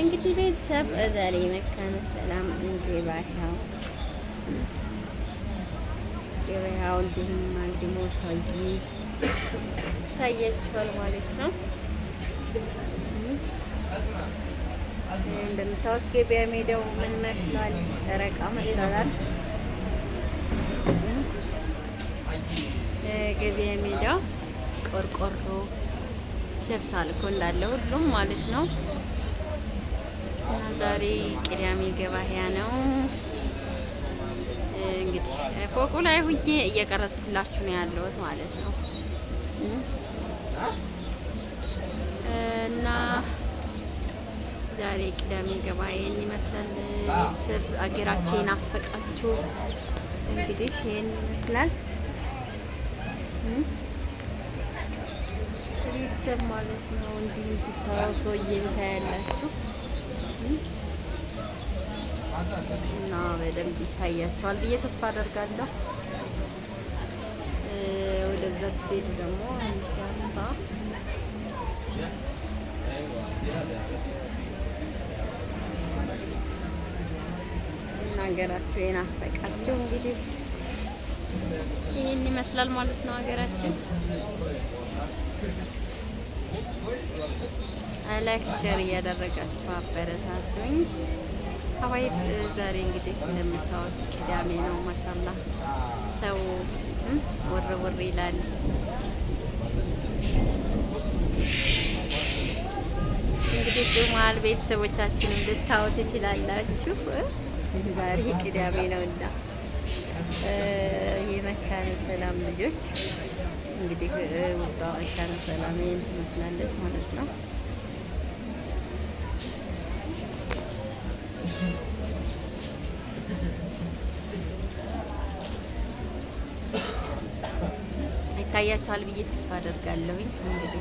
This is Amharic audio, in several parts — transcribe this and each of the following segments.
እንግዲህ ቤተሰብ ዛሬ መካነ ሰላም ገበያው ገበያው እንዲሁም አግድሞ ሰውዬ ታያቸዋል ማለት ነው። እንደምታወት ገበያ ሜዳው ምን መስሏል? ጨረቃ መስሏል። ገበያ ሜዳው ቆርቆሮ ለብሳል እኮ እንዳለ ሁሉም ማለት ነው። ዛሬ ቅዳሜ ገበያ ነው። እንግዲህ ፎቁ ላይ ሁኜ እየቀረጽኩላችሁ ነው ያለሁት ማለት ነው እና ዛሬ ቅዳሜ ገበያን ይመስላል። ቤተሰብ አገራችን ናፈቃችሁ። እንግዲህ ይህን ይመስላል ቤተሰብ ማለት ነው። እንዲሁም ስታወሶ እየንታ ያላችሁ እና በደንብ ይታያቸዋል ብዬ ተስፋ አደርጋለሁ። ወደዛ ስሄድ ደግሞ ፒያሳ እና ሀገራችሁ የናፈቃችሁ እንግዲህ ይህን ይመስላል ማለት ነው። ሀገራችን ላይክ ሼር እያደረጋችሁ አበረታቱኝ። ሀዋይ ዛሬ እንግዲህ እንደምታወቅ ቅዳሜ ነው። ማሻላ ሰው ወር ወር ይላል። እንግዲህ ጁማል ቤተሰቦቻችንም ልታወት ትችላላችሁ። ዛሬ ቅዳሜ ነው እና የመካነ ሰላም ልጆች እንግዲህ ውባ መካነ ሰላም ይህን ትመስላለች ማለት ነው። ይታያቸዋል ብዬ ተስፋ አደርጋለሁኝ። እንግዲህ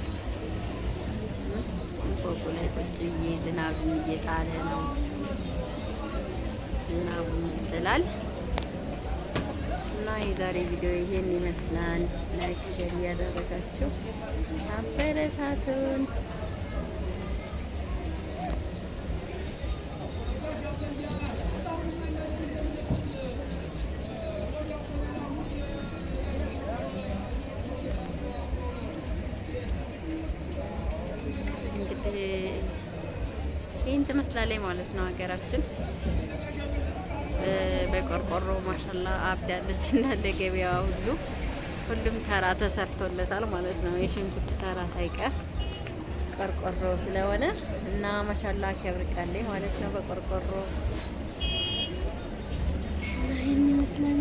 ፎቁ ላይ ቁጭ ብዬ ዝናቡን እየጣለ ነው። ዝናቡን ይጥላል እና የዛሬ ቪዲዮ ይሄን ይመስላል። ላይክ ሼር እያደረጋችሁ አበረታቱን። ትመስላለች ማለት ነው ሀገራችን። በቆርቆሮ ማሻላ አብዳለች እንዳለ ገበያ ሁሉ ሁሉም ተራ ተሰርቶለታል ማለት ነው። የሽንኩርት ተራ ሳይቀር ቆርቆሮ ስለሆነ እና ማሻላ አሸብርቃለች ማለት ነው በቆርቆሮ ይህን ይመስላል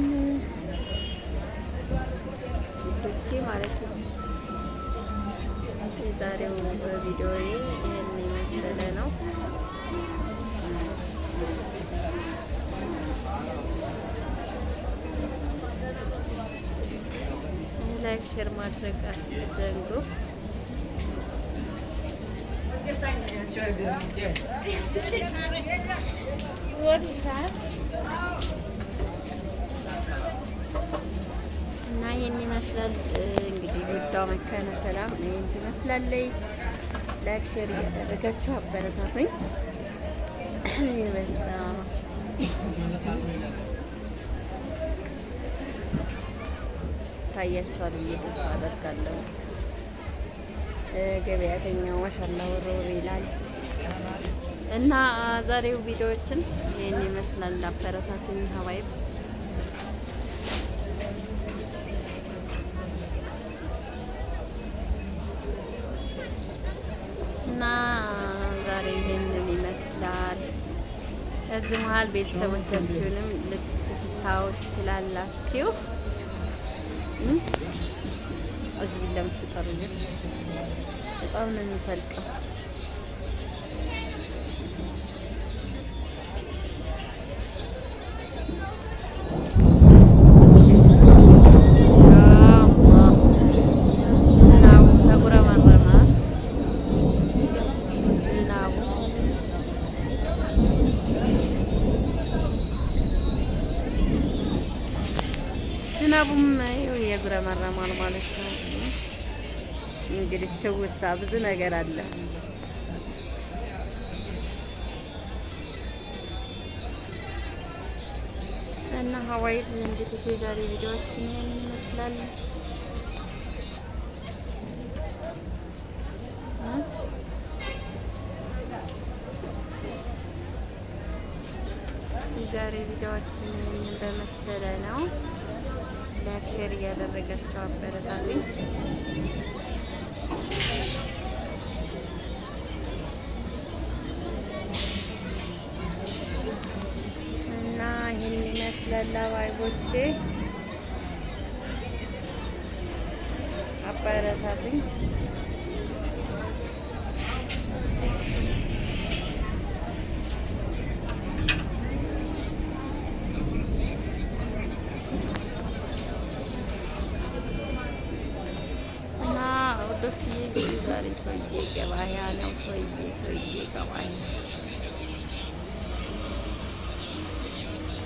ማለት ነው የዛሬው ሼር ማድረግ አትዘንጉ። እና ይህን ይመስላል እንግዲህ ጉዳው መካነ ሰላም ይህን ትመስላለይ። ላይክ ሼር እያደረጋችሁ አበረታቱኝ ይበዛ ይታያቸዋል ብዬ ተስፋ አደርጋለሁ። ገበያተኛው ማሻላ ወሮ ይላል እና ዛሬው ቪዲዮዎችን ይህን ይመስላል። አበረታቱኝ ሀባይብ እና ዛሬ ይህንን ይመስላል። እዚህ መሀል ቤተሰቦቻችሁንም ልትታወስ ትችላላችሁ። አዝቢላ በጣም ነው የሚፈልቀው። ይረመረማል ማለት ነው። እንግዲህ ትውስታ ብዙ ነገር አለ። እና ሀዋይ እንግዲህ የዛሬ ቪዲዮዎችን ይመስላል። የዛሬ ቪዲዮችን በመሰለ ነው። ላይክ፣ ሼር እያደረጋችሁ አበረታቱኝ። እና ይህን ይመስላል አባይቦቼ አበረታቱኝ። બિચારી સોઈ ગઈ કે વાયા ને સોઈ ગઈ સોઈ કવાય